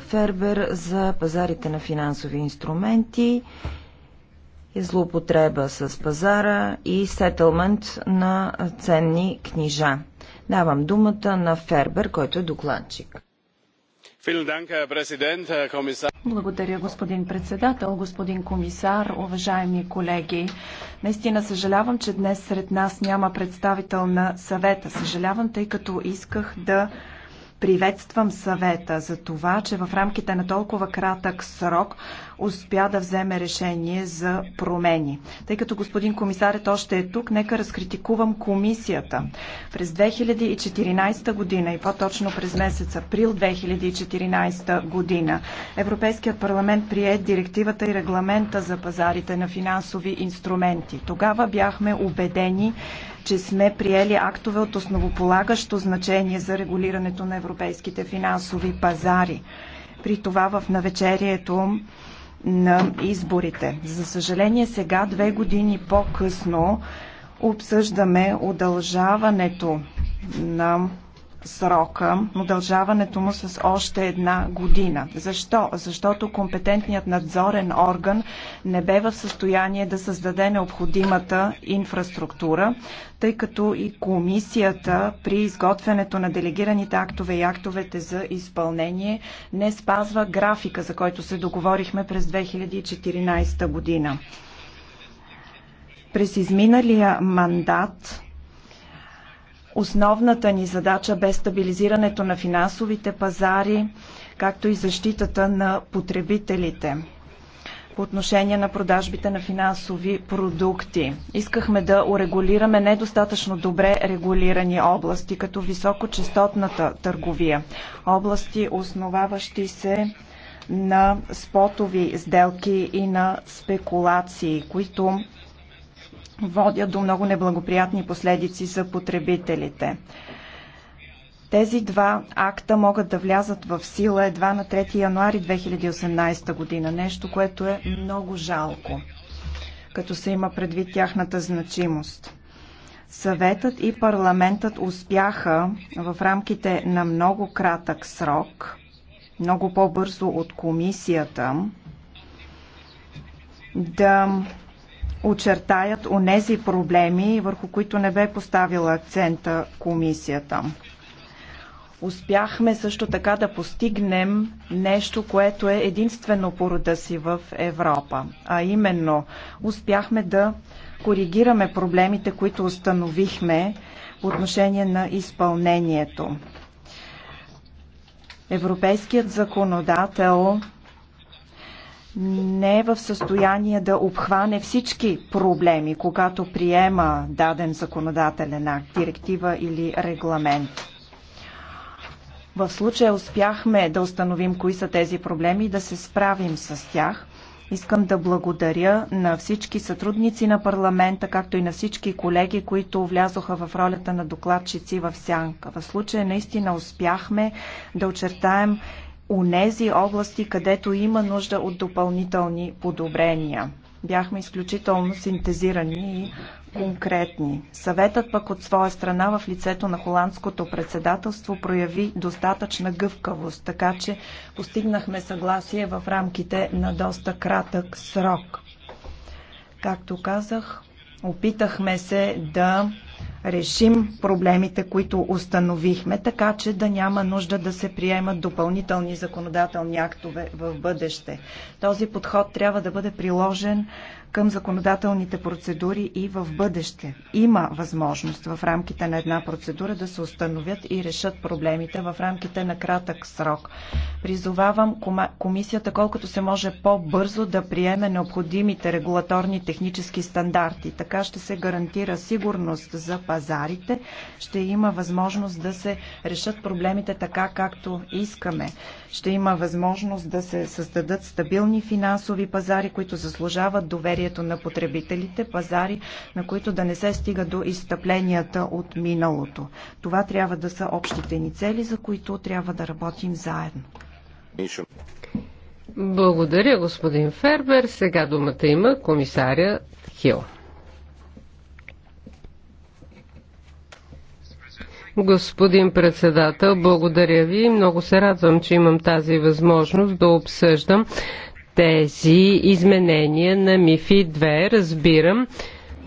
Фербер за пазарите на финансови инструменти и злоупотреба с пазара и сетълмент на ценни книжа. Давам думата на Фербер, който е докладчик. Благодаря, господин председател, господин комисар, уважаеми колеги. Наистина съжалявам, че днес сред нас няма представител на съвета. Съжалявам, тъй като исках да Приветствам съвета за това, че в рамките на толкова кратък срок успя да вземе решение за промени. Тъй като господин комисарят още е тук, нека разкритикувам комисията. През 2014 година и по-точно през месец април 2014 година Европейският парламент прие директивата и регламента за пазарите на финансови инструменти. Тогава бяхме убедени, че сме приели актове от основополагащо значение за регулирането на европейските финансови пазари. При това в навечерието на изборите. За съжаление, сега, две години по-късно, обсъждаме удължаването на срока, удължаването му с още една година. Защо? Защото компетентният надзорен орган не бе в състояние да създаде необходимата инфраструктура, тъй като и комисията при изготвянето на делегираните актове и актовете за изпълнение не спазва графика, за който се договорихме през 2014 година. През изминалия мандат Основната ни задача бе стабилизирането на финансовите пазари, както и защитата на потребителите по отношение на продажбите на финансови продукти. Искахме да урегулираме недостатъчно добре регулирани области, като високочастотната търговия. Области, основаващи се на спотови сделки и на спекулации, които водят до много неблагоприятни последици за потребителите. Тези два акта могат да влязат в сила едва на 3 януари 2018 година, нещо, което е много жалко, като се има предвид тяхната значимост. Съветът и парламентът успяха в рамките на много кратък срок, много по-бързо от комисията, да очертаят онези проблеми, върху които не бе поставила акцента комисията. Успяхме също така да постигнем нещо, което е единствено по рода си в Европа. А именно, успяхме да коригираме проблемите, които установихме по отношение на изпълнението. Европейският законодател не е в състояние да обхване всички проблеми, когато приема даден законодателен акт, директива или регламент. В случая успяхме да установим кои са тези проблеми и да се справим с тях. Искам да благодаря на всички сътрудници на парламента, както и на всички колеги, които влязоха в ролята на докладчици в Сянка. В случая наистина успяхме да очертаем унези области, където има нужда от допълнителни подобрения. Бяхме изключително синтезирани и конкретни. Съветът пък от своя страна в лицето на холандското председателство прояви достатъчна гъвкавост, така че постигнахме съгласие в рамките на доста кратък срок. Както казах, опитахме се да решим проблемите, които установихме, така че да няма нужда да се приемат допълнителни законодателни актове в бъдеще. Този подход трябва да бъде приложен към законодателните процедури и в бъдеще. Има възможност в рамките на една процедура да се установят и решат проблемите в рамките на кратък срок. Призовавам комисията колкото се може по-бързо да приеме необходимите регулаторни технически стандарти. Така ще се гарантира сигурност за пазарите, ще има възможност да се решат проблемите така, както искаме. Ще има възможност да се създадат стабилни финансови пазари, които заслужават доверие доверието на потребителите, пазари, на които да не се стига до изстъпленията от миналото. Това трябва да са общите ни цели, за които трябва да работим заедно. Благодаря, господин Фербер. Сега думата има комисаря Хил. Господин председател, благодаря ви. Много се радвам, че имам тази възможност да обсъждам тези изменения на МИФИ 2. Разбирам,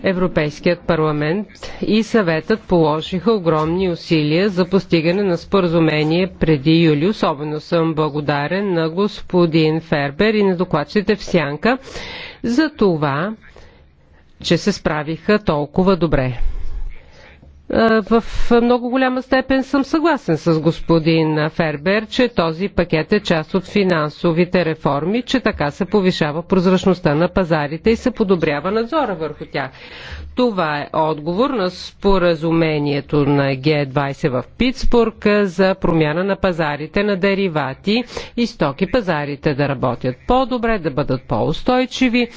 Европейският парламент и съветът положиха огромни усилия за постигане на споразумение преди юли. Особено съм благодарен на господин Фербер и на докладчите в Сянка за това, че се справиха толкова добре. Е, в много голяма степен съм съгласен с господин Фербер, че този пакет е част от финансовите реформи, че така се повишава прозрачността на пазарите и се подобрява надзора върху тях. Това е отговор на споразумението на Г20 в Питсбург за промяна на пазарите на деривати и стоки пазарите да работят по-добре, да бъдат по-устойчиви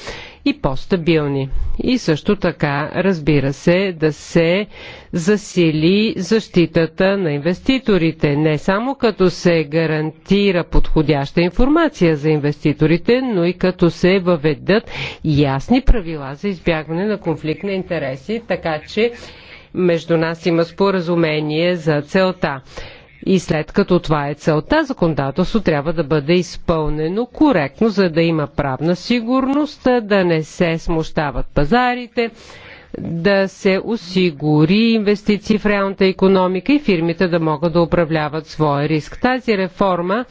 и по-стабилни. И също така, разбира се, да се засили защитата на инвеститорите, не само като се гарантира подходяща информация за инвеститорите, но и като се въведат ясни правила за избягване на конфликт на интереси, така че между нас има споразумение за целта. И след като това е целта, законодателство трябва да бъде изпълнено коректно, за да има правна сигурност, да не се смущават пазарите, да се осигури инвестиции в реалната економика и фирмите да могат да управляват своя риск. Тази реформа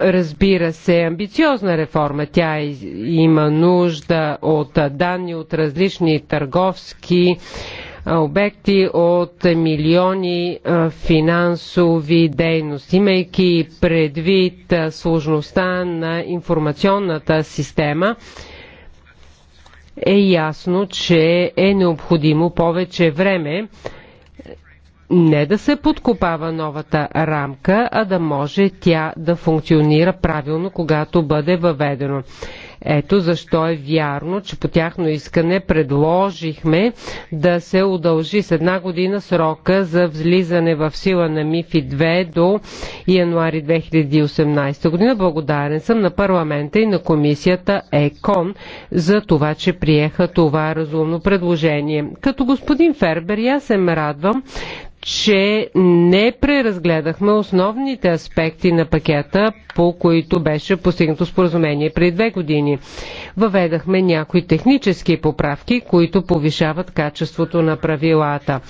разбира се, е амбициозна реформа. Тя има нужда от данни от различни търговски обекти от милиони финансови дейности. Имайки предвид сложността на информационната система, е ясно, че е необходимо повече време не да се подкопава новата рамка, а да може тя да функционира правилно, когато бъде въведено. Ето защо е вярно, че по тяхно искане предложихме да се удължи с една година срока за влизане в сила на МИФИ 2 до януари 2018 година. Благодарен съм на парламента и на комисията ЕКОН за това, че приеха това разумно предложение. Като господин Фербер, аз се радвам, че не преразгледахме основните аспекти на пакета, по които беше постигнато споразумение преди две години. Въведахме някои технически поправки, които повишават качеството на правилата.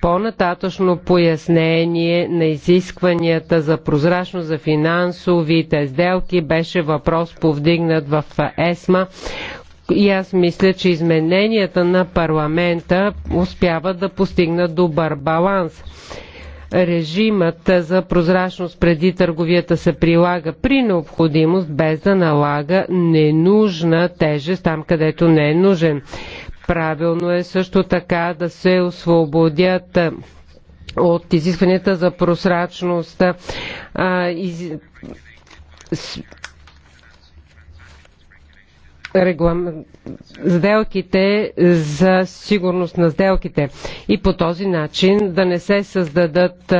По-нататъчно пояснение на изискванията за прозрачно за финансовите сделки беше въпрос повдигнат в ЕСМА, и аз мисля, че измененията на парламента успяват да постигнат добър баланс. Режимът за прозрачност преди търговията се прилага при необходимост, без да налага ненужна тежест там, където не е нужен. Правилно е също така да се освободят от изискванията за прозрачност реглам... сделките за сигурност на сделките и по този начин да не се създадат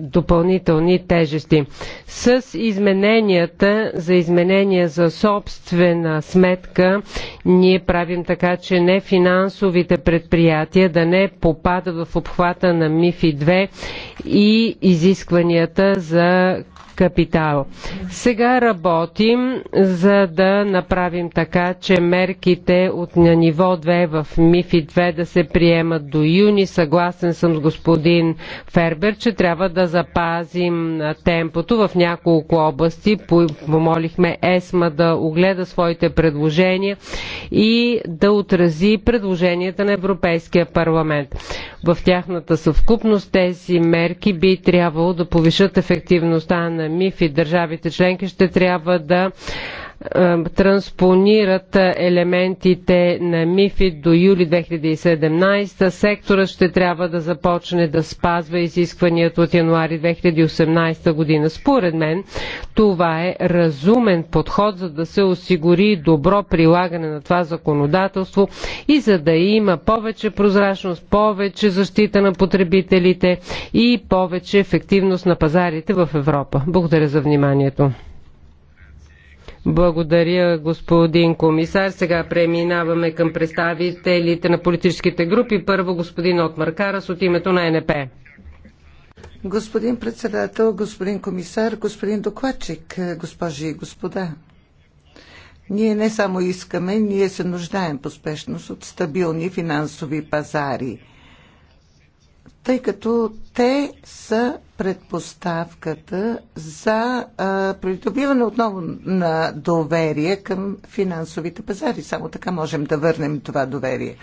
допълнителни тежести. С измененията за изменения за собствена сметка ние правим така, че не финансовите предприятия да не попадат в обхвата на МИФИ 2 и изискванията за капитал. Сега работим за да направим така, че мерките от на ниво 2 в МИФИ 2 да се приемат до юни. Съгласен съм с господин Фербер, че трябва да запазим темпото в няколко области. Помолихме ЕСМА да огледа своите предложения и да отрази предложенията на Европейския парламент в тяхната съвкупност тези мерки би трябвало да повишат ефективността на МИФ и държавите членки ще трябва да е, транспонират елементите на МИФИД до юли 2017. Сектора ще трябва да започне да спазва изискванията от януари 2018 година. Според мен това е разумен подход, за да се осигури добро прилагане на това законодателство и за да има повече прозрачност, повече защита на потребителите и повече ефективност на пазарите в Европа. Благодаря за вниманието. Благодаря, господин комисар. Сега преминаваме към представителите на политическите групи. Първо господин Отмар Карас от името на НП. Господин председател, господин комисар, господин докладчик, госпожи и господа. Ние не само искаме, ние се нуждаем по спешност от стабилни финансови пазари – тъй като те са предпоставката за а, придобиване отново на доверие към финансовите пазари. Само така можем да върнем това доверие.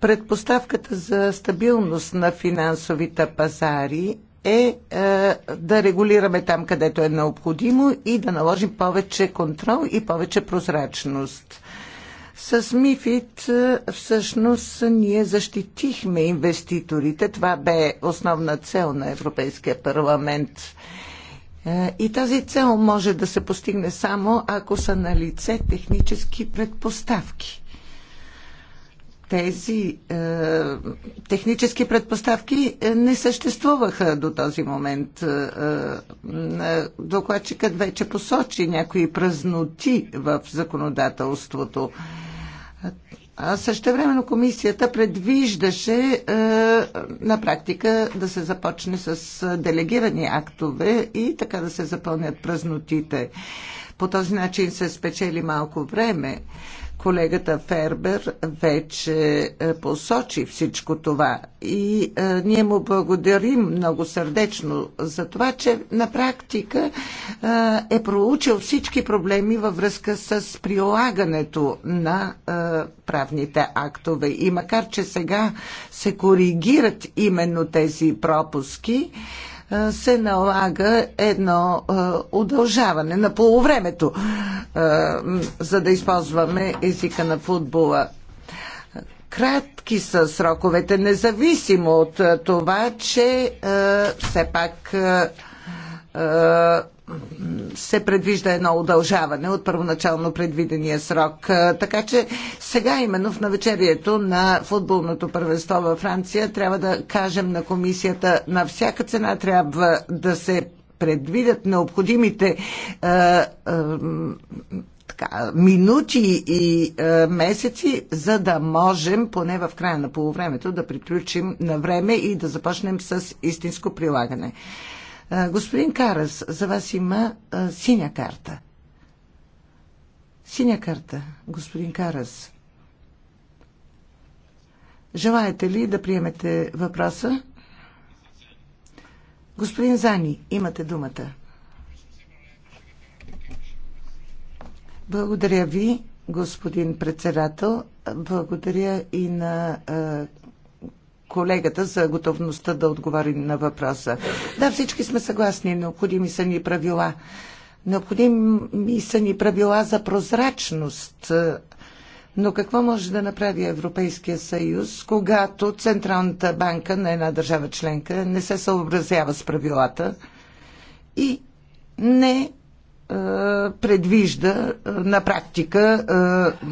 Предпоставката за стабилност на финансовите пазари е, е да регулираме там, където е необходимо и да наложим повече контрол и повече прозрачност. С МИФИД е, всъщност ние защитихме инвеститорите. Това бе основна цел на Европейския парламент. Е, и тази цел може да се постигне само ако са на лице технически предпоставки. Тези е, технически предпоставки е, не съществуваха до този момент. Е, е, докладчикът вече посочи някои празноти в законодателството. Е, а също времено комисията предвиждаше е, на практика да се започне с е, делегирани актове и така да се запълнят празнотите. По този начин се спечели малко време. Колегата Фербер вече е, посочи всичко това и е, ние му благодарим много сърдечно за това, че на практика е, е проучил всички проблеми във връзка с прилагането на правните актове. И макар, че сега се коригират именно тези пропуски, е, се налага едно е, удължаване на полувремето, е, за да използваме езика на футбола кратки са сроковете, независимо от това, че все пак се предвижда едно удължаване от първоначално предвидения срок. Така че сега именно в навечерието на футболното първенство във Франция трябва да кажем на комисията на всяка цена трябва да се предвидят необходимите е, е, така, минути и е, месеци, за да можем поне в края на полувремето да приключим на време и да започнем с истинско прилагане. Господин Карас, за вас има синя карта. Синя карта, господин Карас. Желаете ли да приемете въпроса? Господин Зани, имате думата. Благодаря ви, господин председател. Благодаря и на колегата за готовността да отговори на въпроса. Да, всички сме съгласни, необходими са ни правила. Необходими са ни правила за прозрачност. Но какво може да направи Европейския съюз, когато Централната банка на една държава членка не се съобразява с правилата и не е, предвижда е, на практика е,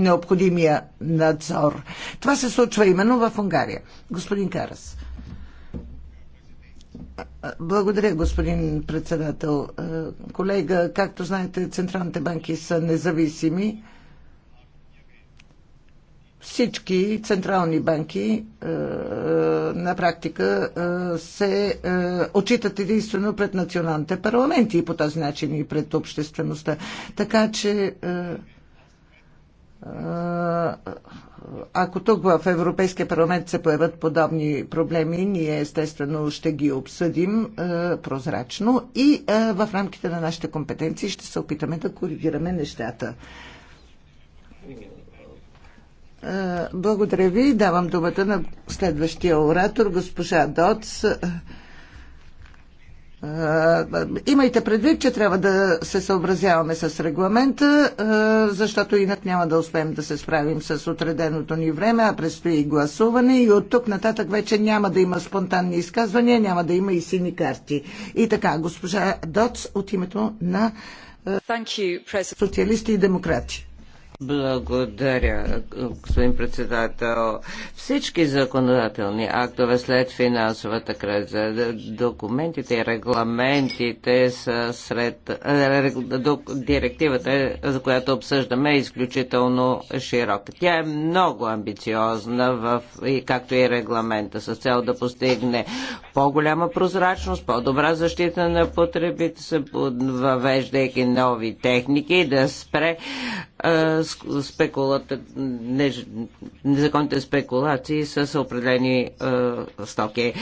необходимия надзор. Това се случва именно в Унгария. Господин Карас. Благодаря, господин председател. Колега, както знаете, централните банки са независими всички централни банки е, на практика е, се е, отчитат единствено пред националните парламенти и по този начин и пред обществеността. Така че е, е, ако тук в Европейския парламент се появят подобни проблеми, ние естествено ще ги обсъдим е, прозрачно и в рамките на нашите компетенции ще се опитаме да коригираме нещата. Е, благодаря ви. Давам думата на следващия оратор, госпожа Доц. Е, е, имайте предвид, че трябва да се съобразяваме с регламента, защото инак няма да успеем да се справим с отреденото ни време, а предстои гласуване и от тук нататък вече няма да има спонтанни изказвания, няма да има и сини карти. И така, госпожа Доц от името на социалисти и демократи. Благодаря, господин председател. Всички законодателни актове след финансовата криза, документите и регламентите са сред... Е, директивата, за която обсъждаме, е изключително широка. Тя е много амбициозна, в, както и регламента, с цел да постигне по-голяма прозрачност, по-добра защита на потребите, въвеждайки нови техники и да спре спекулата, незаконните спекулации с определени стоки.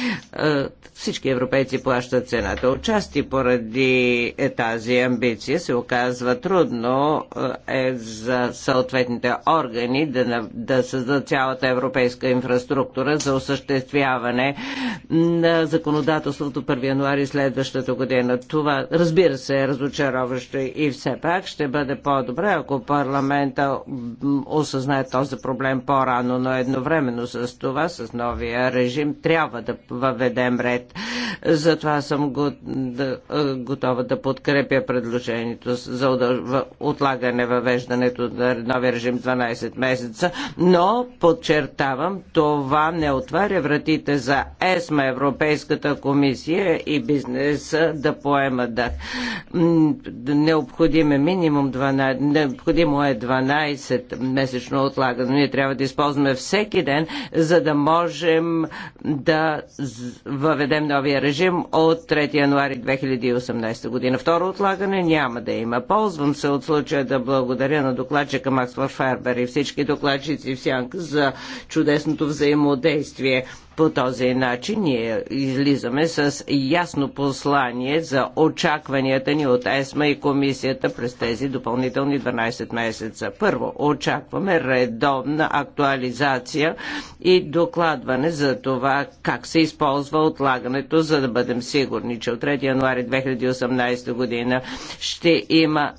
Всички европейци плащат цената. Отчасти поради е, тази амбиция се оказва трудно е за съответните органи да, да създадат цялата европейска инфраструктура за осъществяване на законодателството 1 януари следващата година. Това, разбира се, е разочароващо и все пак ще бъде по-добре, ако парламент парламента осъзнае този проблем по-рано, но едновременно с това, с новия режим, трябва да въведем ред. Затова съм го, да, е, готова да подкрепя предложението за отлагане въвеждането на новия режим 12 месеца, но подчертавам, това не отваря вратите за ЕСМА, Европейската комисия и бизнеса да поема да Необходим е минимум 12, необходимо е 12 месечно отлагане. Ние трябва да използваме всеки ден, за да можем да въведем новия режим от 3 януари 2018 година. Второ отлагане няма да има. Ползвам се от случая да благодаря на докладчика Максва Фербер и всички докладчици в Сянка за чудесното взаимодействие. По този начин ние излизаме с ясно послание за очакванията ни от ЕСМА и комисията през тези допълнителни 12 месеца. Първо, очакваме редовна актуализация и докладване за това как се използва отлагането, за да бъдем сигурни, че от 3 януари 2018 година ще има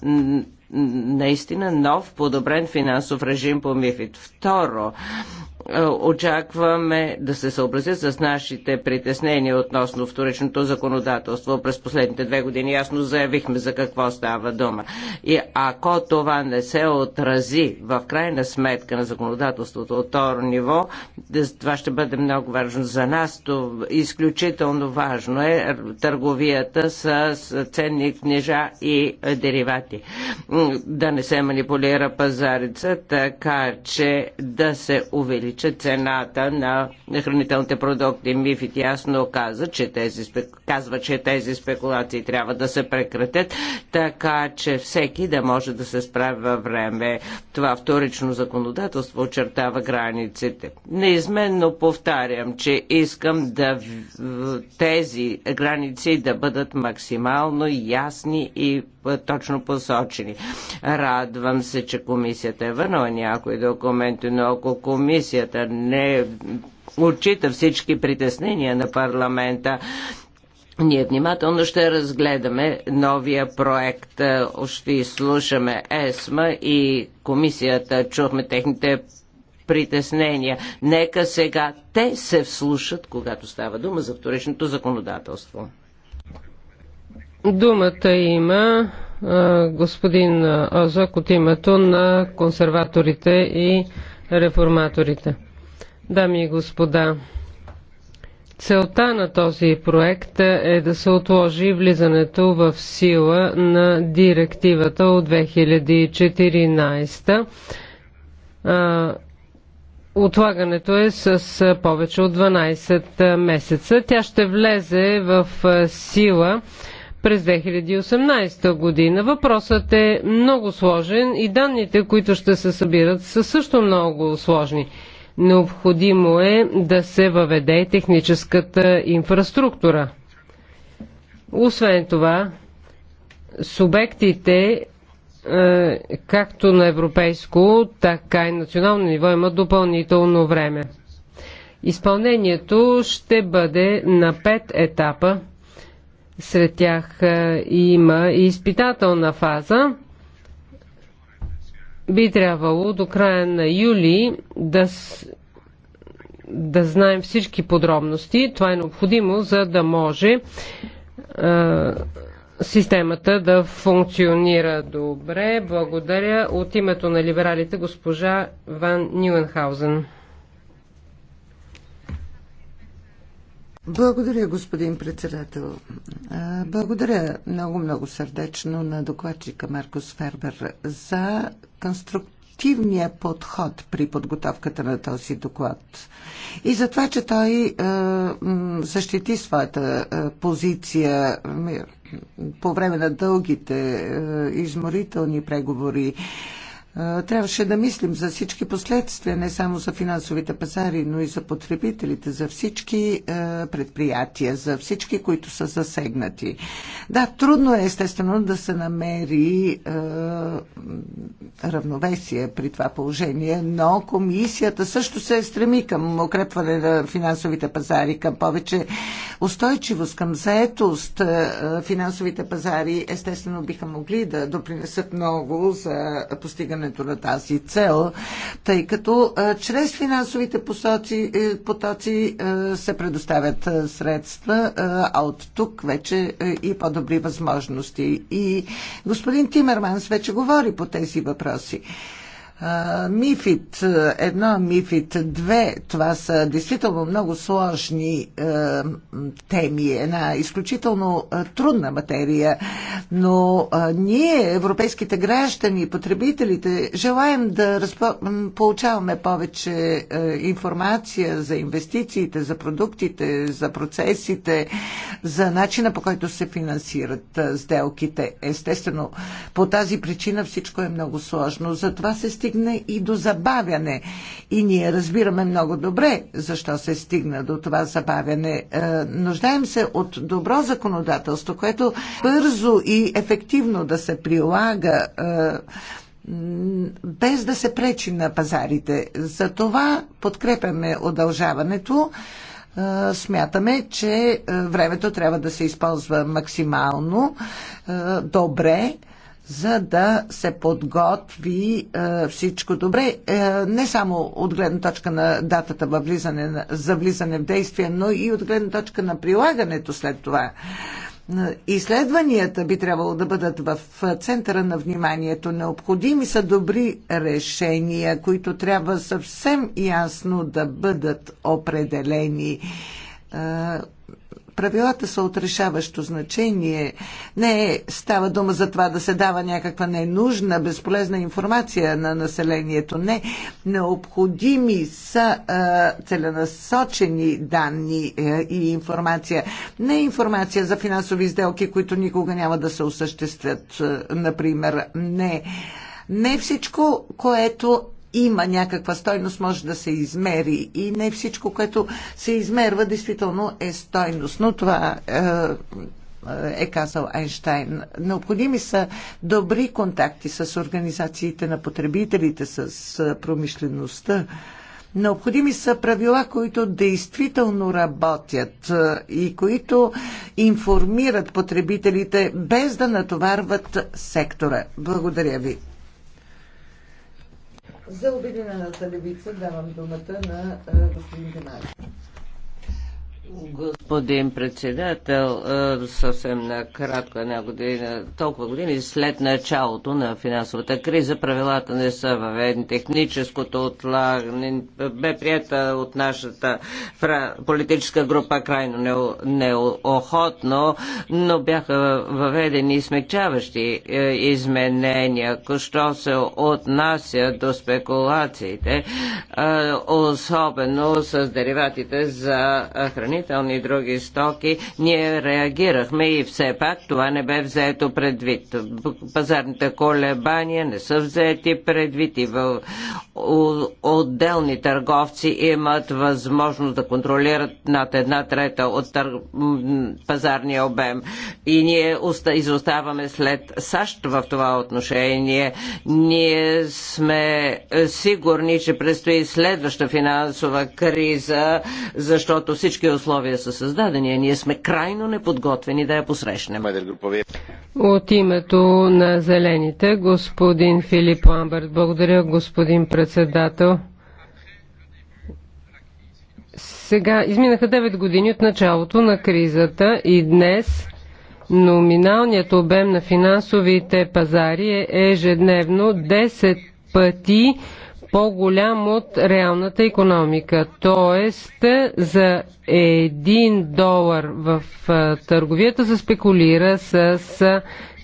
наистина нов подобрен финансов режим по МИФИД. Второ, е, очакваме да се съобразят с нашите притеснения относно вторичното законодателство. През последните две години ясно заявихме за какво става дума. И ако това не се отрази в крайна сметка на законодателството от второ ниво, това ще бъде много важно за нас. То изключително важно е търговията с ценни книжа и деривати. Да не се манипулира пазарица, така че да се увеличи увелича цената на хранителните продукти. Мифит ясно каза, че тези, казва, че тези спекулации трябва да се прекратят, така че всеки да може да се справи във време. Това вторично законодателство очертава границите. Неизменно повтарям, че искам да тези граници да бъдат максимално ясни и точно посочени. Радвам се, че комисията е върнала някои документи, но ако комисията комисията не отчита всички притеснения на парламента. Ние внимателно ще разгледаме новия проект. Е, ще изслушаме ЕСМА и комисията. Чухме техните притеснения. Нека сега те се вслушат, когато става дума за вторичното законодателство. Думата има е, господин Озак от името на консерваторите и реформаторите. Дами и господа, целта на този проект е да се отложи влизането в сила на директивата от 2014 Отлагането е с повече от 12 месеца. Тя ще влезе в сила през 2018 година. Въпросът е много сложен и данните, които ще се събират, са също много сложни. Необходимо е да се въведе техническата инфраструктура. Освен това, субектите е, както на европейско, така и национално ниво имат допълнително време. Изпълнението ще бъде на пет етапа сред тях е, има и изпитателна фаза. Би трябвало до края на юли да, да знаем всички подробности. Това е необходимо, за да може е, системата да функционира добре. Благодаря. От името на либералите госпожа Ван Нюенхаузен. Благодаря, господин председател. Благодаря много-много сърдечно на докладчика Маркус Фербер за конструктивния подход при подготовката на този доклад и за това, че той защити своята позиция по време на дългите изморителни преговори трябваше да мислим за всички последствия, не само за финансовите пазари, но и за потребителите, за всички е, предприятия, за всички, които са засегнати. Да, трудно е естествено да се намери е, равновесие при това положение, но комисията също се стреми към укрепване на финансовите пазари, към повече устойчивост, към заетост. Е, финансовите пазари естествено биха могли да допринесат много за постигане постигането на тази цел, тъй като чрез финансовите е, потоци, потоци е, се предоставят е, средства, а от тук вече и по-добри възможности. И господин Тимерманс вече говори по тези въпроси. Мифит 1, е, Мифит 2, това са действително много сложни е, теми, една изключително е, трудна материя, но е, ние, европейските граждани, потребителите, желаем да разпо... получаваме повече е, информация за инвестициите, за продуктите, за процесите, за начина по който се финансират е, сделките. Естествено, по тази причина всичко е много сложно. Затова се стигне и до забавяне. И ние разбираме много добре защо се стигна до това забавяне. Е, нуждаем се от добро законодателство, което бързо и ефективно да се прилага е, без да се пречи на пазарите. За това подкрепяме удължаването. Е, смятаме, че времето трябва да се използва максимално добре за да се подготви е, всичко добре, е, не само от гледна точка на датата във влизане, за влизане в действие, но и от гледна точка на прилагането след това. Изследванията би трябвало да бъдат в центъра на вниманието. Необходими са добри решения, които трябва съвсем ясно да бъдат определени е, правилата са отрешаващо значение. Не е, става дума за това да се дава някаква ненужна, безполезна информация на населението. Не, необходими са е, целенасочени данни е, и информация. Не информация за финансови сделки, които никога няма да се осъществят, е, например. Не. Не всичко, което има някаква стойност, може да се измери и не всичко, което се измерва, действително е стойност. Но това е, е казал Айнштайн. Необходими са добри контакти с организациите на потребителите, с промишлеността. Необходими са правила, които действително работят е, и които информират потребителите без да натоварват сектора. Благодаря ви. За обединената левица давам думата на е, господин Демари. Господин председател, съвсем накратко една година, толкова години след началото на финансовата криза, правилата не са въведени. Техническото отлагане бе прията от нашата политическа група крайно неохотно, но бяха въведени смягчаващи е, изменения, що се отнася до спекулациите, особено с дериватите за хранителните хранителни и други стоки, ние реагирахме и все пак това не бе взето предвид. Пазарните колебания не са взети предвид и в отделни търговци имат възможност да контролират над една трета от тър... пазарния обем. И ние изоставаме след САЩ в това отношение. Ние сме сигурни, че предстои следваща финансова криза, защото всички условия са създадени, а ние сме крайно неподготвени да я посрещнем. От името на зелените, господин Филип Ламберт, благодаря, господин председател. Сега изминаха 9 години от началото на кризата и днес номиналният обем на финансовите пазари е ежедневно 10 пъти по-голям от реалната економика. Тоест, за един долар в търговията се спекулира с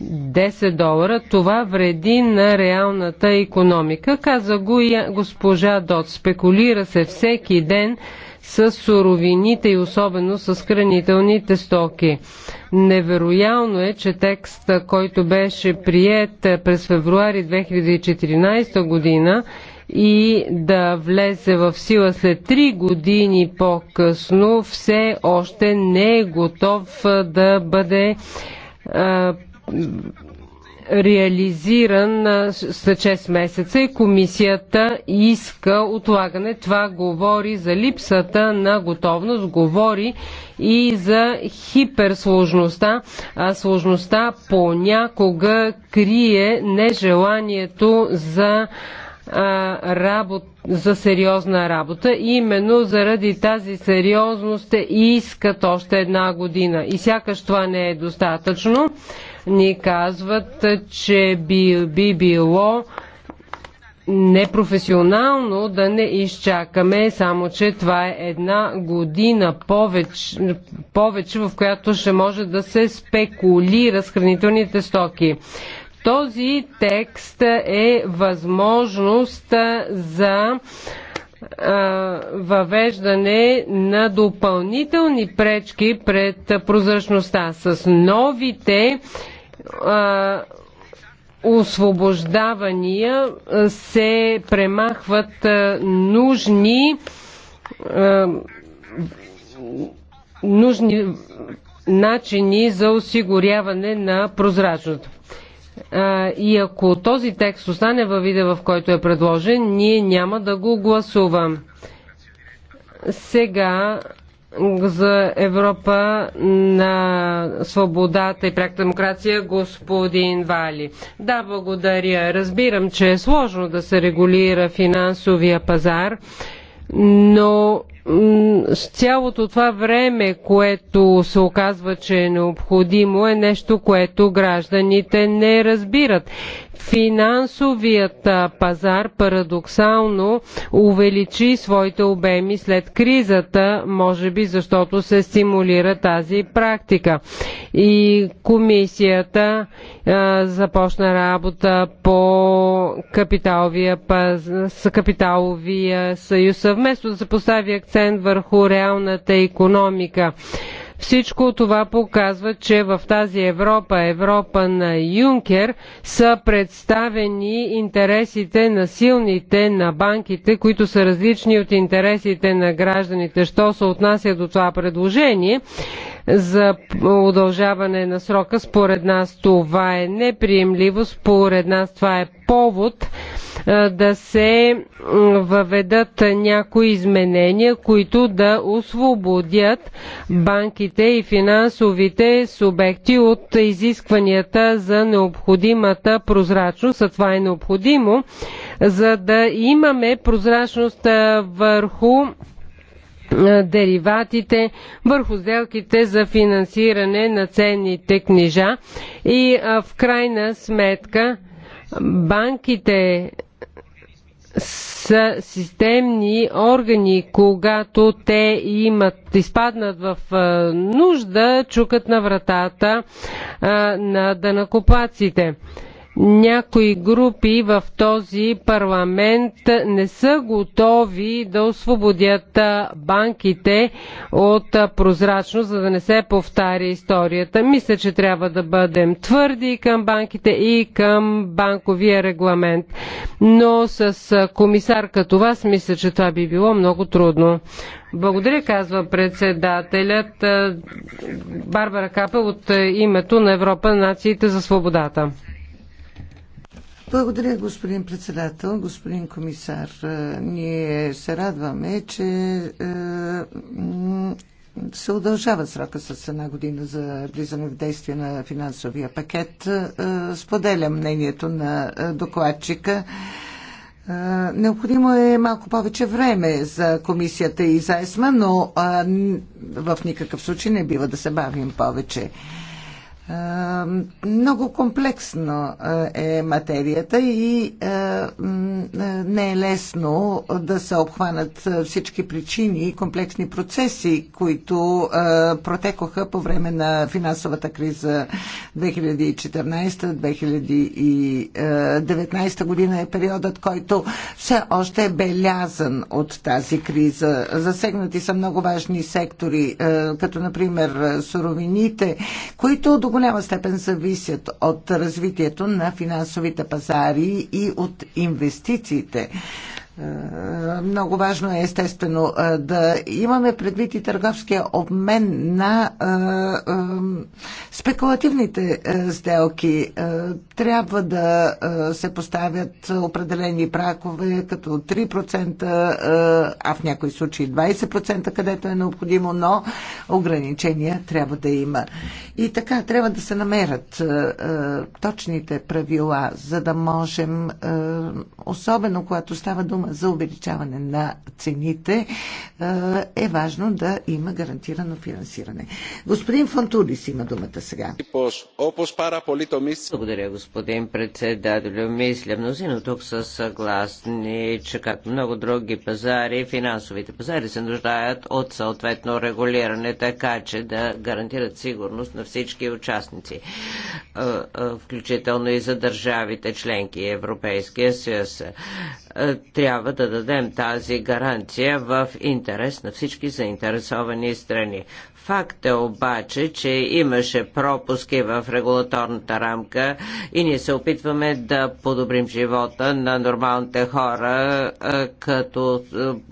10 долара. Това вреди на реалната економика. Каза го и госпожа Дот. Спекулира се всеки ден с суровините и особено с хранителните стоки. Невероятно е, че текста, който беше прият през февруари 2014 година, и да влезе в сила след 3 години по-късно, все още не е готов да бъде а, реализиран след 6 месеца и комисията иска отлагане. Това говори за липсата на готовност, говори и за хиперсложността, а сложността понякога крие нежеланието за работ, за сериозна работа. И именно заради тази сериозност искат още една година. И сякаш това не е достатъчно. Ни казват, че би, би било непрофесионално да не изчакаме, само че това е една година повече, повече в която ще може да се спекулира с хранителните стоки. Този текст е възможност за въвеждане на допълнителни пречки пред прозрачността с новите освобождавания се премахват нужни нужни начини за осигуряване на прозрачност и ако този текст остане във вида, в който е предложен, ние няма да го гласувам. Сега за Европа на свободата и пряк демокрация господин Вали. Да, благодаря. Разбирам, че е сложно да се регулира финансовия пазар, но с цялото това време, което се оказва, че е необходимо, е нещо, което гражданите не разбират. Финансовият пазар парадоксално увеличи своите обеми след кризата, може би защото се стимулира тази практика. И комисията а, започна работа по капиталовия, паз... капиталовия съюз съвместно да се постави акцент акцент върху реалната економика. Всичко това показва, че в тази Европа, Европа на Юнкер, са представени интересите на силните, на банките, които са различни от интересите на гражданите. Що се отнася до това предложение, за удължаване на срока. Според нас това е неприемливо, според нас това е повод е, да се въведат някои изменения, които да освободят банките и финансовите субекти от изискванията за необходимата прозрачност. А това е необходимо, за да имаме прозрачност е, върху дериватите, върху сделките за финансиране на ценните книжа и в крайна сметка банките са системни органи, когато те имат, изпаднат в нужда, чукат на вратата а, на данакопаците. Някои групи в този парламент не са готови да освободят банките от прозрачност, за да не се повтаря историята. Мисля, че трябва да бъдем твърди към банките и към банковия регламент. Но с комисар като вас, мисля, че това би било много трудно. Благодаря, казва председателят Барбара Капел от името на Европа на нациите за свободата. Благодаря, господин председател, господин комисар. Е, ние се радваме, че е, се удължава срока с една година за влизане в действие на финансовия пакет. Е, Споделя мнението на докладчика. Необходимо е малко повече време за комисията и за ЕСМА, но в никакъв случай не бива да се бавим повече. Е, много комплексна е, е материята и е, не е лесно да се обхванат всички причини и комплексни процеси, които протекоха по време на финансовата криза 2014-2019 година е периодът, който все още е белязан от тази криза. Засегнати са много важни сектори, като например суровините, които до голяма степен зависят от развитието на финансовите пазари и от инвестициите. Много важно е, естествено, да имаме предвид и търговския обмен на спекулативните сделки. Трябва да се поставят определени пракове, като 3%, а в някои случаи 20%, където е необходимо, но ограничения трябва да има. И така, трябва да се намерят точните правила, за да можем, особено когато става дума за увеличаване на цените, е важно да има гарантирано финансиране. Господин Фонтулис има думата сега. Благодаря, господин председател. Мисля, мнозина тук са съгласни, че както много други пазари, финансовите пазари се нуждаят от съответно регулиране, така че да гарантират сигурност на всички участници, е, е, включително и за държавите членки Европейския съюз. Е, е, трябва да дадем тази гаранция в интерес на всички заинтересовани страни. Факт е обаче, че имаше пропуски в регулаторната рамка и ние се опитваме да подобрим живота на нормалните хора, като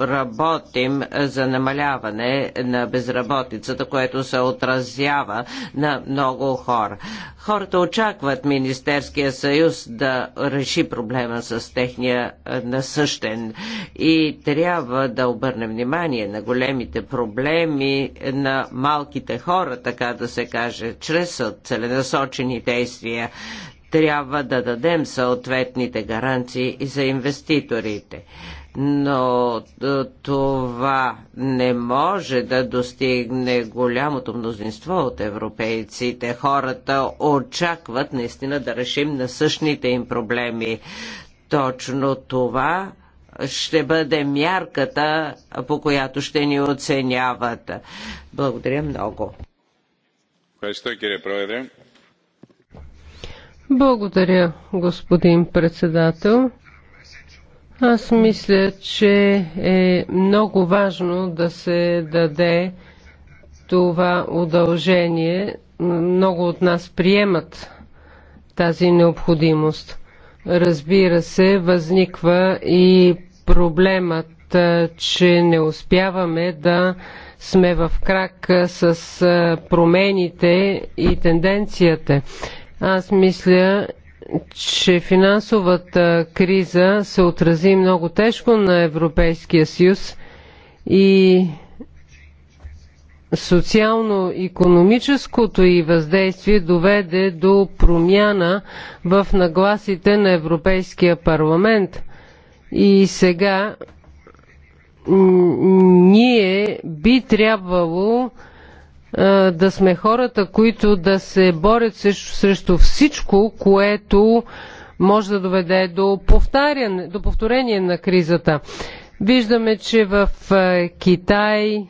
работим за намаляване на безработицата, което се отразява на много хора. Хората очакват Министерския съюз да реши проблема с техния насъщен и трябва да обърнем внимание на големите проблеми на малките хора, така да се каже, чрез целенасочени действия, трябва да дадем съответните гаранции и за инвеститорите но това не може да достигне голямото мнозинство от европейците. Хората очакват наистина да решим насъщните им проблеми. Точно това ще бъде мярката, по която ще ни оценяват. Благодаря много. Благодаря, господин председател. Аз мисля, че е много важно да се даде това удължение. Много от нас приемат тази необходимост. Разбира се, възниква и проблемът, че не успяваме да сме в крак с промените и тенденцията. Аз мисля, че финансовата криза се отрази много тежко на Европейския съюз и социално-економическото и въздействие доведе до промяна в нагласите на Европейския парламент – и сега ние би трябвало да сме хората, които да се борят срещу, срещу всичко, което може да доведе до, до повторение на кризата. Виждаме, че в Китай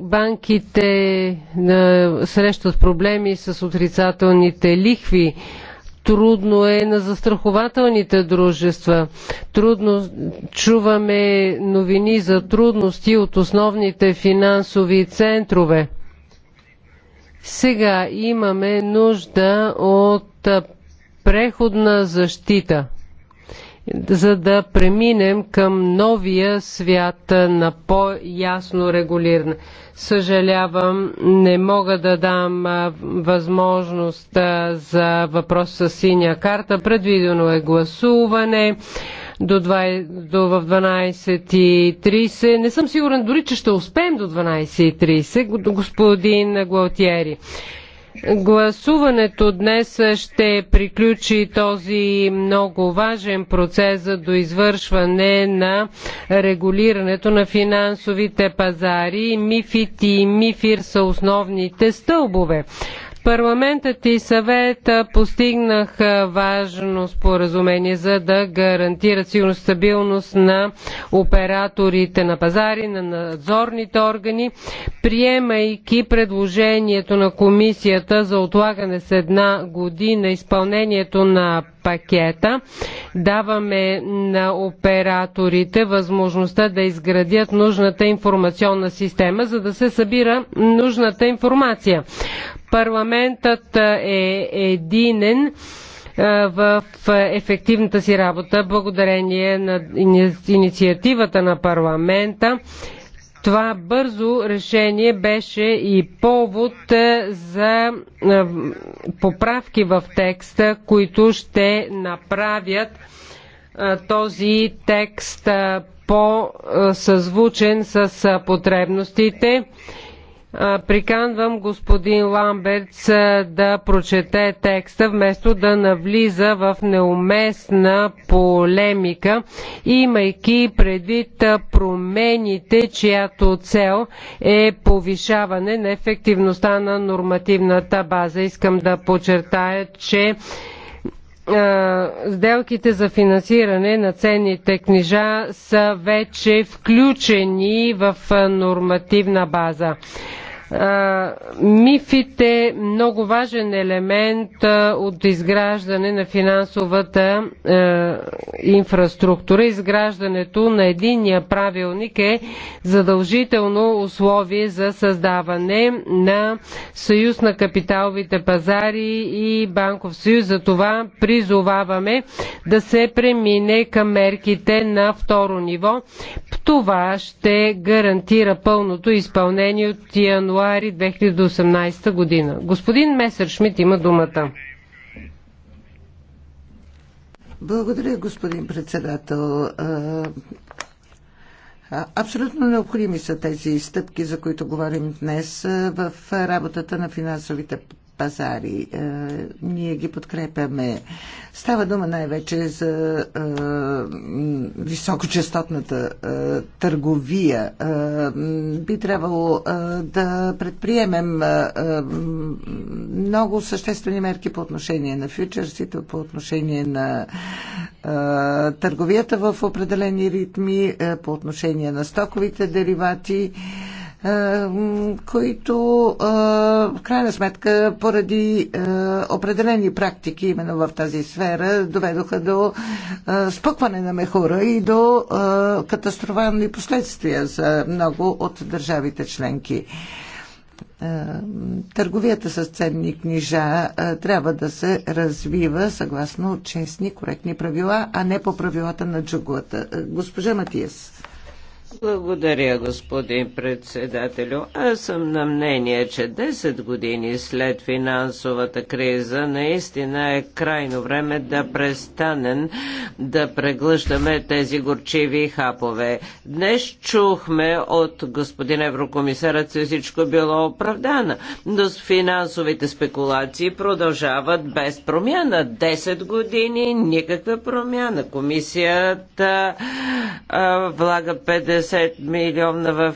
банките срещат проблеми с отрицателните лихви Трудно е на застрахователните дружества. Трудно чуваме новини за трудности от основните финансови центрове. Сега имаме нужда от преходна защита за да преминем към новия свят на по-ясно регулиране. Съжалявам, не мога да дам възможност за въпрос с синя карта. Предвидено е гласуване до, 20, до в 12.30. Не съм сигурен дори, че ще успеем до 12.30, господин Гуалтиери. Гласуването днес ще приключи този много важен процес за доизвършване на регулирането на финансовите пазари. Мифит и Мифир са основните стълбове. Парламентът и съвета постигнаха важно споразумение за да гарантират сигурност и стабилност на операторите на пазари, на надзорните органи, приемайки предложението на комисията за отлагане с една година изпълнението на пакета. Даваме на операторите възможността да изградят нужната информационна система, за да се събира нужната информация. Парламентът е единен в ефективната си работа благодарение на инициативата на парламента това бързо решение беше и повод е, за е, поправки в текста, които ще направят е, този текст по-съзвучен с потребностите. Приканвам господин Ламберц да прочете текста, вместо да навлиза в неуместна полемика, имайки предвид промените, чиято цел е повишаване на ефективността на нормативната база. Искам да подчертая, че сделките за финансиране на ценните книжа са вече включени в нормативна база. МИФИТ е много важен елемент от изграждане на финансовата инфраструктура. Изграждането на единния правилник е задължително условие за създаване на съюз на капиталовите пазари и банков съюз. За това призоваваме да се премине към мерките на второ ниво. Това ще гарантира пълното изпълнение от януари 2018 година. Господин Месършмит има думата. Благодаря, господин председател. Абсолютно необходими са тези стъпки, за които говорим днес в работата на финансовите пазари. Е, ние ги подкрепяме. Става дума най-вече за е, високочастотната е, търговия. Би трябвало да предприемем много съществени мерки по отношение на фьючерсите, по отношение на търговията в определени ритми, по отношение на стоковите деривати. Е, които е, в крайна сметка поради е, определени практики именно в тази сфера доведоха до спъкване на мехура и до катастрофални последствия за много от държавите членки търговията с ценни книжа трябва да се развива съгласно честни, коректни правила, а не по правилата на джугулата. Госпожа Матиес. Благодаря, господин председателю. Аз съм на мнение, че 10 години след финансовата криза наистина е крайно време да престанем да преглъщаме тези горчиви хапове. Днес чухме от господин еврокомисарът, че всичко било оправдано, но финансовите спекулации продължават без промяна. 10 години никаква промяна. Комисията а, влага 50 50 милиона в,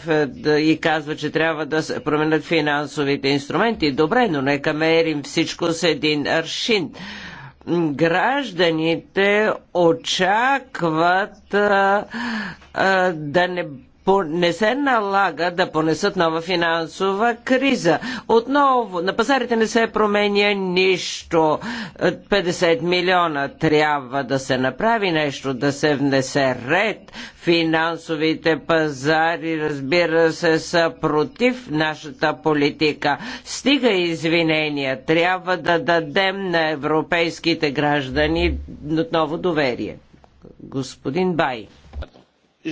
и казва, че трябва да се променят финансовите инструменти. Добре, но нека мерим всичко с един аршин гражданите очакват а, а, да не не се налага да понесат нова финансова криза. Отново, на пазарите не се променя нищо. 50 е, милиона трябва да се направи нещо, да се внесе ред. Финансовите пазари, разбира се, са против нашата политика. Стига извинения. Трябва да дадем на европейските граждани отново доверие. Господин Бай.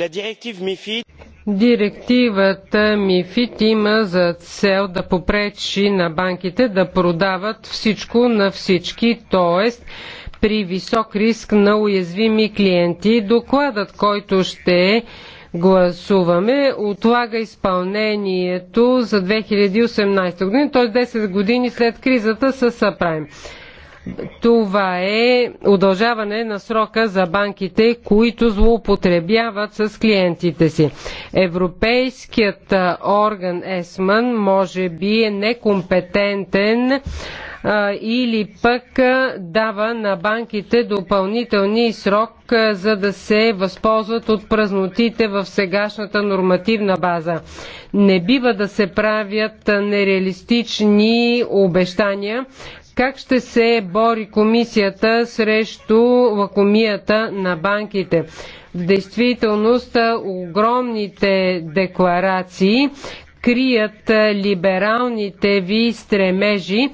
La directive MIFID Директивата МИФИТ има за цел да попречи на банките да продават всичко на всички, т.е. при висок риск на уязвими клиенти. Докладът, който ще гласуваме, отлага изпълнението за 2018 година, т.е. 10 години след кризата с Апрайм. Това е удължаване на срока за банките, които злоупотребяват с клиентите си. Европейският орган ЕСМАН може би е некомпетентен или пък дава на банките допълнителни срок, за да се възползват от празнотите в сегашната нормативна база. Не бива да се правят нереалистични обещания, как ще се бори комисията срещу лакомията на банките? В действителност огромните декларации крият либералните ви стремежи,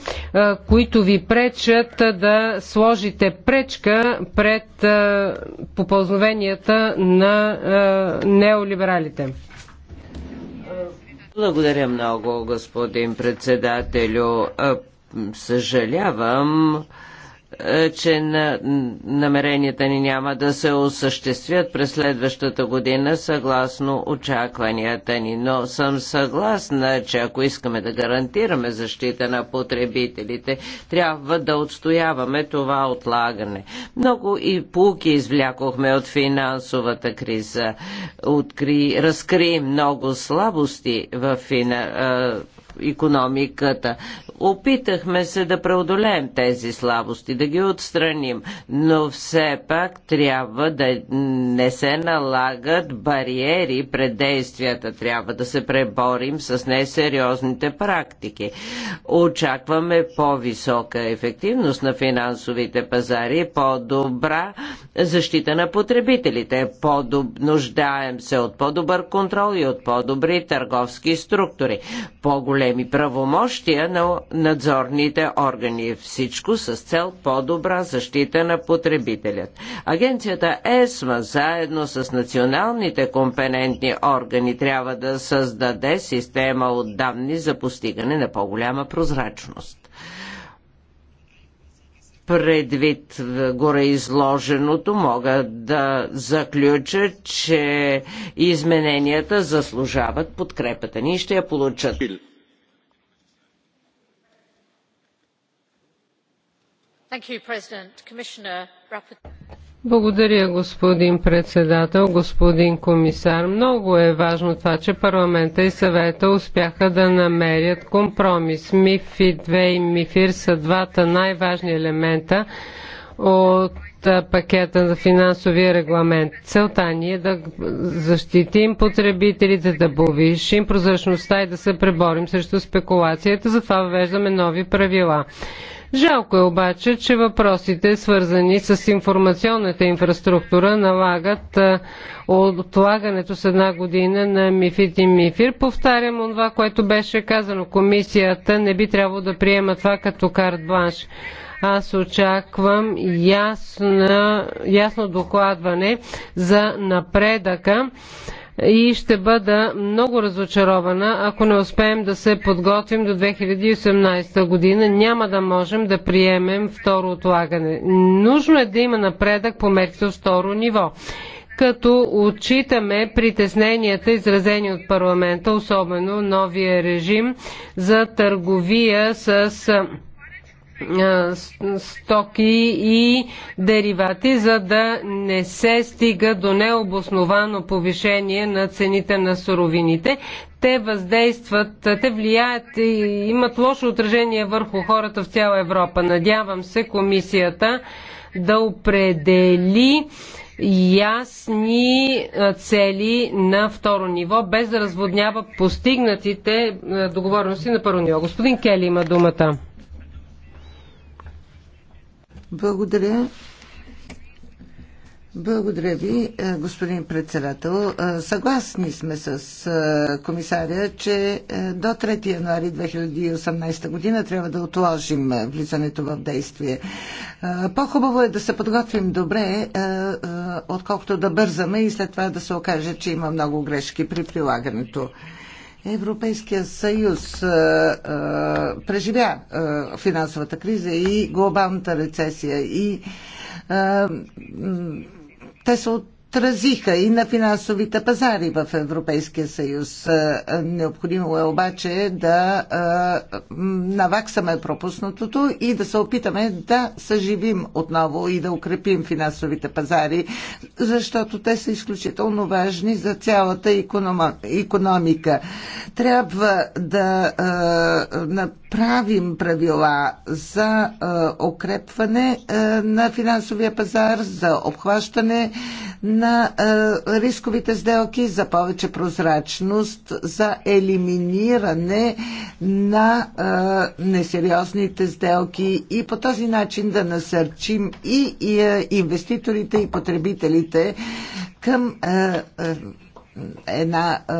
които ви пречат да сложите пречка пред попълзновенията на неолибералите. Благодаря много, господин председателю съжалявам, е, че на, намеренията ни няма да се осъществят през следващата година съгласно очакванията ни. Но съм съгласна, че ако искаме да гарантираме защита на потребителите, трябва да отстояваме това отлагане. Много и пулки извлякохме от финансовата криза. Откри, разкри много слабости в финансовата е, економиката. Опитахме се да преодолеем тези слабости, да ги отстраним, но все пак трябва да не се налагат бариери пред действията. Трябва да се преборим с несериозните практики. Очакваме по-висока ефективност на финансовите пазари, по-добра защита на потребителите, по-доб... нуждаем се от по-добър контрол и от по-добри търговски структури, по-големи големи правомощия на надзорните органи. Всичко с цел по-добра защита на потребителят. Агенцията ЕСМА заедно с националните компетентни органи трябва да създаде система от данни за постигане на по-голяма прозрачност предвид гореизложеното, мога да заключа, че измененията заслужават подкрепата ни ще я получат. Благодаря, господин председател, господин комисар. Много е важно това, че парламента и съвета успяха да намерят компромис. МИФИ 2 и МИФИР са двата най-важни елемента от пакета за финансовия регламент. Целта ни е да защитим потребителите, да повишим прозрачността и да се преборим срещу спекулацията. Затова въвеждаме нови правила. Жалко е обаче, че въпросите, свързани с информационната инфраструктура, налагат отлагането с една година на МИФИТ и МИФИР. Повтарям това, което беше казано. Комисията не би трябвало да приема това като карт бланш. Аз очаквам ясно докладване за напредъка и ще бъда много разочарована, ако не успеем да се подготвим до 2018 година. Няма да можем да приемем второ отлагане. Нужно е да има напредък по мерките от второ ниво като отчитаме притесненията, изразени от парламента, особено новия режим за търговия с стоки и деривати, за да не се стига до необосновано повишение на цените на суровините. Те въздействат, те влияят и имат лошо отражение върху хората в цяла Европа. Надявам се комисията да определи ясни цели на второ ниво, без да разводнява постигнатите договорности на първо ниво. Господин Кели има думата. Благодаря. Благодаря ви, е, господин председател. Е, съгласни сме с е, комисаря, че до 3 януари 2018 година трябва да отложим влизането в действие. По-хубаво е да се подготвим добре, отколкото да бързаме и след това да се окаже, че има много грешки при прилагането. Европейския съюз а, е, а, е, преживя а, е, финансовата криза и глобалната рецесия и а, те са от отразиха и на финансовите пазари в Европейския съюз. Е, е, необходимо е обаче да е, наваксаме пропуснатото и да се опитаме да съживим отново и да укрепим финансовите пазари, защото те са изключително важни за цялата економика. Трябва да направим правила за укрепване на финансовия пазар, за обхващане на е, рисковите сделки, за повече прозрачност, за елиминиране на е, несериозните сделки и по този начин да насърчим и е, инвеститорите и потребителите към една е,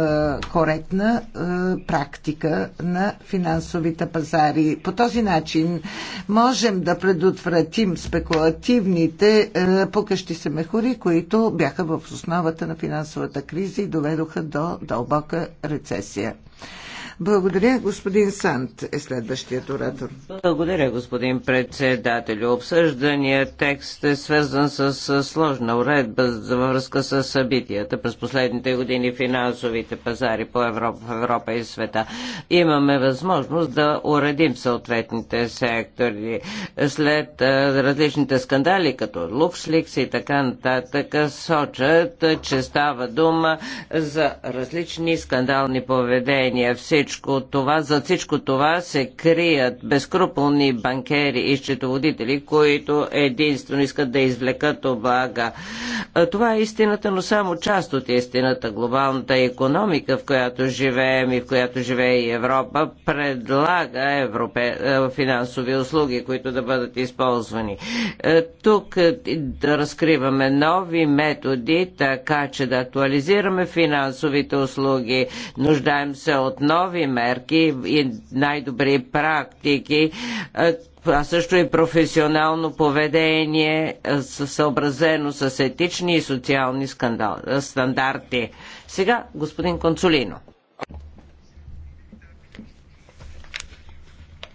коректна е, практика на финансовите пазари. По този начин можем да предотвратим спекулативните е, покъщи се мехури, които бяха в основата на финансовата криза и доведоха до дълбока рецесия. Благодаря. Господин Сант е следващият оратор. Благодаря, господин председател. Обсъждания текст е свързан с сложна уредба за връзка с събитията през последните години финансовите пазари по Европа, в Европа и света. Имаме възможност да уредим съответните сектори. След различните скандали, като LuxLeaks и така нататък, сочат, че става дума за различни скандални поведения. Всички всичко това, за всичко това се крият безкруполни банкери и счетоводители, които единствено искат да извлекат облага. Това е истината, но само част от истината. Глобалната економика, в която живеем и в която живее и Европа, предлага европе... финансови услуги, които да бъдат използвани. Тук да разкриваме нови методи, така че да актуализираме финансовите услуги. Нуждаем се от нови прави мерки и най-добри практики, а също и професионално поведение, съобразено с етични и социални скандал, стандарти. Сега господин Концулино.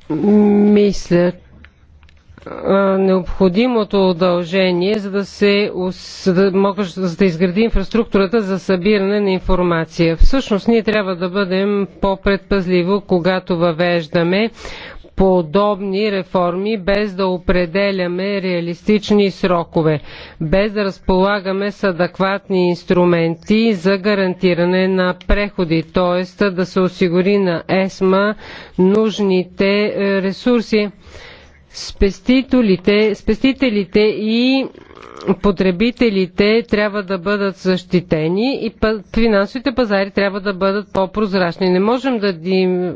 Мисля, необходимото удължение, за да се за да, могаш, за да изгради инфраструктурата за събиране на информация. Всъщност ние трябва да бъдем по-предпазливо, когато въвеждаме подобни реформи, без да определяме реалистични срокове, без да разполагаме с адекватни инструменти за гарантиране на преходи, т.е. да се осигури на ЕСМА нужните е, ресурси спестителите, спестителите и потребителите трябва да бъдат защитени и финансовите пазари трябва да бъдат по-прозрачни. Не можем да,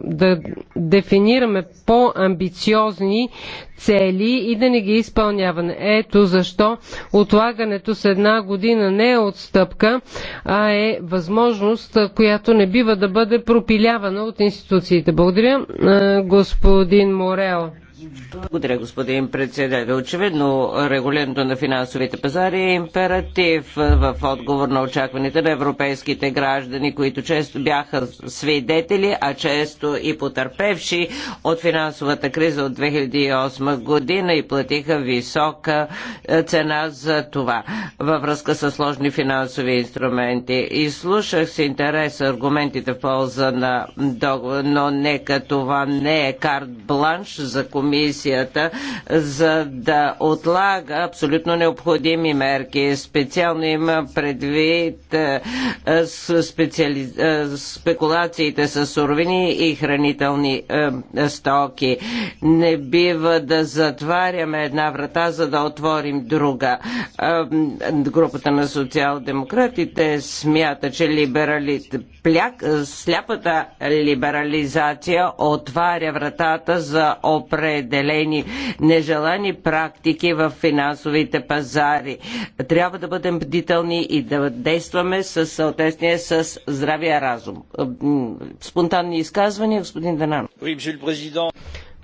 да дефинираме по-амбициозни цели и да не ги изпълняваме. Ето защо отлагането с една година не е отстъпка, а е възможност, която не бива да бъде пропилявана от институциите. Благодаря, господин Морел. Благодаря, господин председател. Очевидно, регулирането на финансовите пазари е императив в отговор на очакваните на европейските граждани, които често бяха свидетели, а често и потърпевши от финансовата криза от 2008 година и платиха висока цена за това във връзка с сложни финансови инструменти. И слушах с интерес аргументите в полза на договор, но нека това не е карт бланш за комисията комисията, за да отлага абсолютно необходими мерки. Специално има предвид е, специали... Е, спекулациите с суровини и хранителни е, стоки. Не бива да затваряме една врата, за да отворим друга. Групата на социал-демократите смята, че либерали... пляк... сляпата либерализация отваря вратата за опре определени нежелани практики в финансовите пазари. Трябва да бъдем бдителни и да действаме с съответствие с здравия разум. Спонтанни изказвания, господин Данан.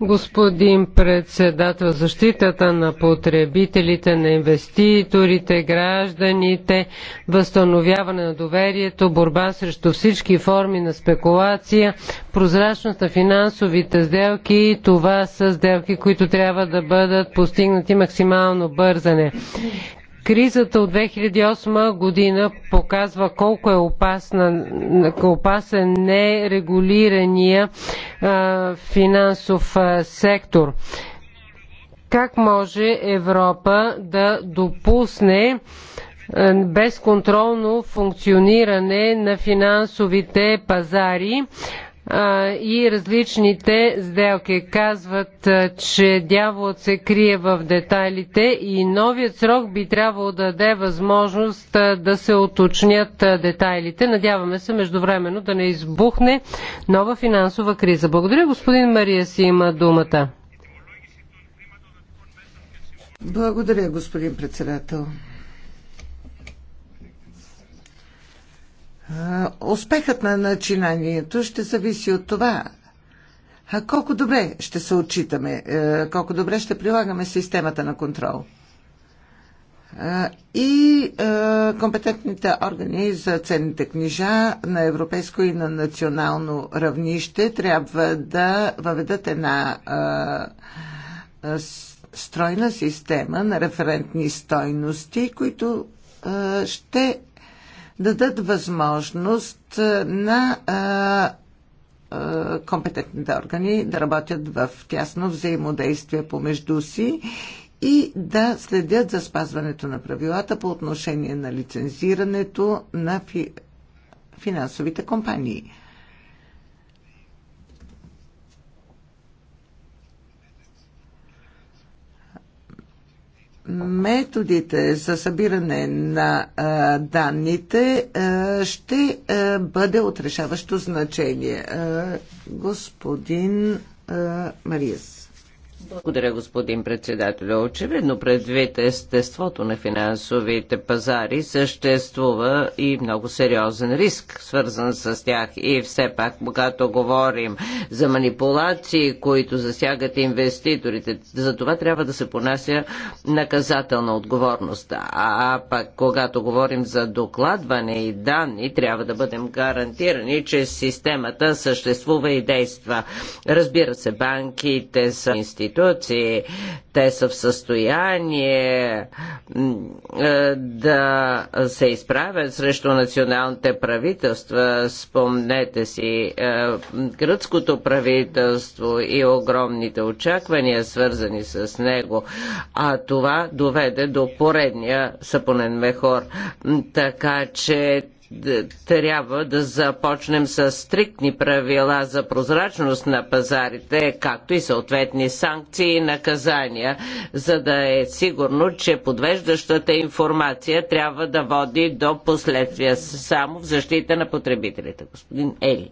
Господин председател, защитата на потребителите, на инвеститорите, гражданите, възстановяване на доверието, борба срещу всички форми на спекулация, прозрачност на финансовите сделки, това са сделки, които трябва да бъдат постигнати максимално бързане. Кризата от 2008 година показва колко е опасна, опасен нерегулирания а, финансов а, сектор. Как може Европа да допусне безконтролно функциониране на финансовите пазари? и различните сделки. Казват, че дяволът се крие в детайлите и новият срок би трябвало да даде възможност да се оточнят детайлите. Надяваме се междувременно да не избухне нова финансова криза. Благодаря, господин Мария си има думата. Благодаря, господин председател. Успехът на начинанието ще зависи от това, колко добре ще се отчитаме, е, колко добре ще прилагаме системата на контрол. И е, компетентните органи за ценните книжа на европейско и на национално равнище трябва да въведат една е, стройна система на референтни стойности, които ще дадат възможност на компетентните органи да работят в тясно взаимодействие помежду си и да следят за спазването на правилата по отношение на лицензирането на фи... финансовите компании. методите за събиране на а, данните а, ще а, бъде отрешаващо значение. А, господин а, Мариес. Благодаря, господин председател. Очевидно, предвид естеството на финансовите пазари, съществува и много сериозен риск, свързан с тях. И все пак, когато говорим за манипулации, които засягат инвеститорите, за това трябва да се понася наказателна отговорност. А пак, когато говорим за докладване и данни, трябва да бъдем гарантирани, че системата съществува и действа. Разбира се, банките са институции, институции. Те са в състояние е, да се изправят срещу националните правителства. Спомнете си е, гръцкото правителство и огромните очаквания, свързани с него. А това доведе до поредния сапонен мехор. Така че трябва да започнем с стриктни правила за прозрачност на пазарите, както и съответни санкции и наказания, за да е сигурно, че подвеждащата информация трябва да води до последствия само в защита на потребителите. Господин Ели.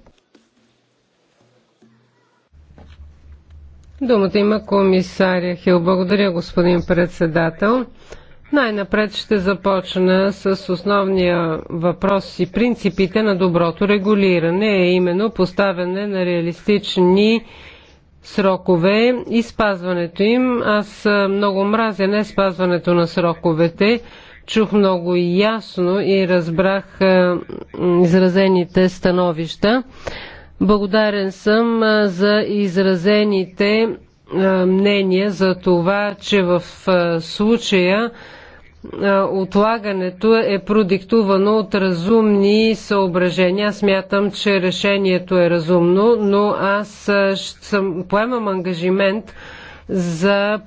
Думата има комисаря Хил. Благодаря, господин председател. Най-напред ще започна с основния въпрос и принципите на доброто регулиране, е именно поставяне на реалистични срокове и спазването им. Аз много мразя не спазването на сроковете. Чух много ясно и разбрах изразените становища. Благодарен съм за изразените мнения за това, че в случая отлагането е продиктувано от разумни съображения. Аз смятам, че решението е разумно, но аз съм, поемам ангажимент за,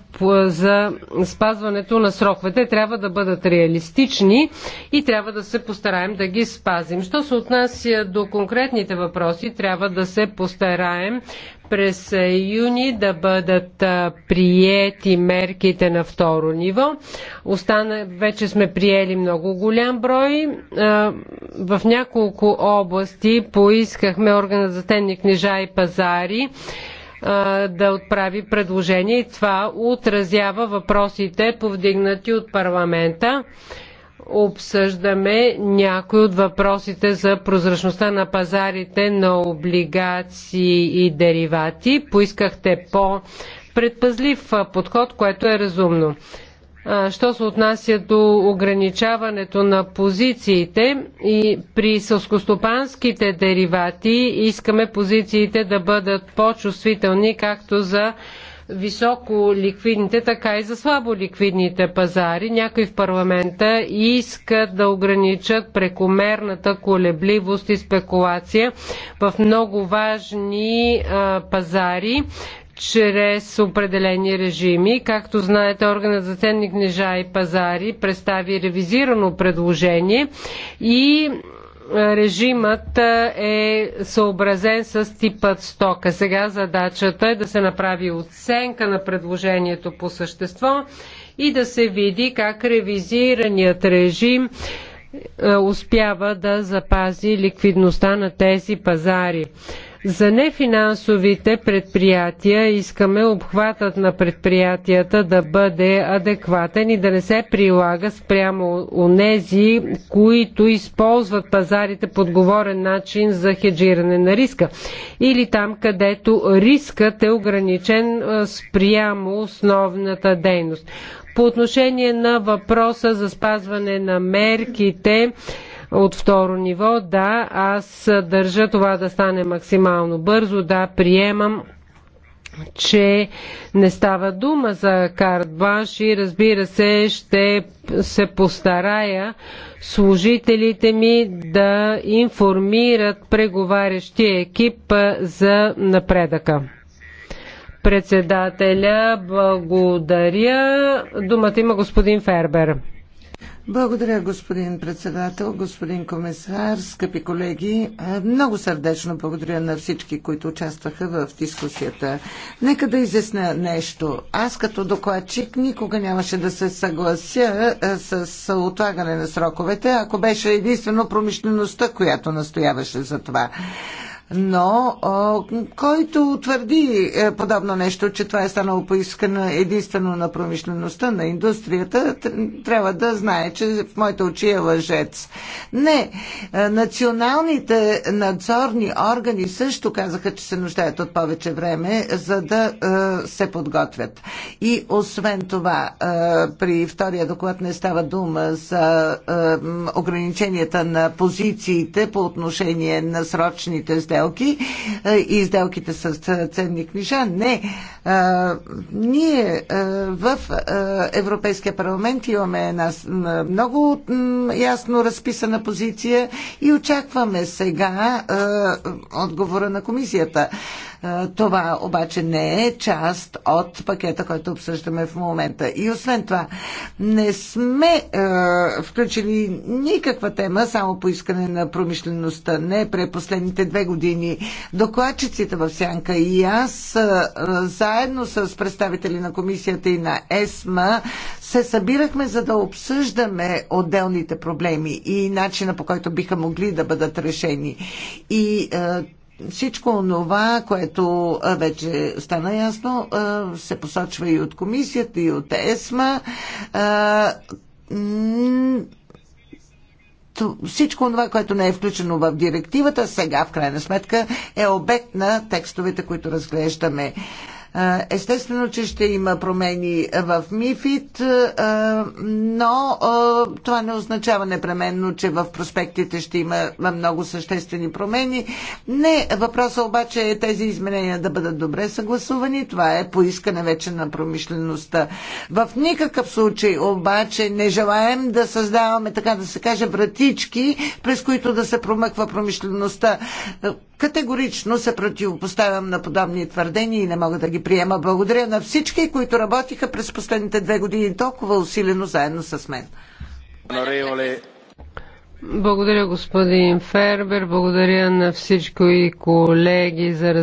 за спазването на сроковете. Трябва да бъдат реалистични и трябва да се постараем да ги спазим. Що се отнася до конкретните въпроси, трябва да се постараем през юни да бъдат приети мерките на второ ниво. Остана, вече сме приели много голям брой. В няколко области поискахме органа за тенни книжа и пазари да отправи предложение и това отразява въпросите, повдигнати от парламента. Обсъждаме някои от въпросите за прозрачността на пазарите на облигации и деривати. Поискахте по-предпазлив подход, което е разумно. Що се отнася до ограничаването на позициите и при сълскостопанските деривати искаме позициите да бъдат по-чувствителни както за високо ликвидните, така и за слабо ликвидните пазари. Някои в парламента искат да ограничат прекомерната колебливост и спекулация в много важни а, пазари, чрез определени режими. Както знаете, органът за ценни книжа и пазари представи ревизирано предложение и режимът е съобразен с типът стока. Сега задачата е да се направи оценка на предложението по същество и да се види как ревизираният режим успява да запази ликвидността на тези пазари. За нефинансовите предприятия искаме обхватът на предприятията да бъде адекватен и да не се прилага спрямо онези, които използват пазарите по отговорен начин за хеджиране на риска. Или там, където рискът е ограничен спрямо основната дейност. По отношение на въпроса за спазване на мерките, от второ ниво. Да, аз държа това да стане максимално бързо. Да, приемам че не става дума за картбанш и разбира се ще се постарая служителите ми да информират преговарящия екип за напредъка. Председателя, благодаря. Думата има господин Фербер. Благодаря, господин председател, господин комисар, скъпи колеги. Много сърдечно благодаря на всички, които участваха в дискусията. Нека да изясня нещо. Аз като докладчик никога нямаше да се съглася с отлагане на сроковете, ако беше единствено промишлеността, която настояваше за това но който твърди е, подобно нещо, че това е станало поискано единствено на промишлеността, на индустрията, трябва да знае, че в моите очи е лъжец. Не, е, националните надзорни органи също казаха, че се нуждаят от повече време, за да е, се подготвят. И освен това, при втория доклад не става дума за ограниченията на позициите по отношение на срочните сделки сделки е, и сделките с ценни книжа. Не. Е, ние е, в Европейския парламент имаме една много ясно разписана позиция и очакваме сега отговора на комисията. Това обаче не е част от пакета, който обсъждаме в момента. И освен това, не сме е, включили никаква тема, само по искане на промишлеността. Не, през последните две години докладчиците в Сянка и аз, е, заедно с представители на комисията и на ЕСМА, се събирахме за да обсъждаме отделните проблеми и начина по който биха могли да бъдат решени. И е, всичко това, което вече стана ясно, се посочва и от комисията, и от ЕСМА. Всичко това, което не е включено в директивата, сега в крайна сметка е обект на текстовете, които разглеждаме. Естествено, че ще има промени в мифит, но това не означава непременно, че в проспектите ще има много съществени промени. Не, въпросът обаче е тези изменения да бъдат добре съгласувани. Това е поискане вече на промишлеността. В никакъв случай обаче не желаем да създаваме, така да се каже, вратички, през които да се промъква промишлеността. Категорично се противопоставям на подобни твърдения и не мога да ги приема. Благодаря на всички, които работиха през последните две години толкова усилено заедно с мен. Благодаря господин Фербер, благодаря на всички колеги за разбирането.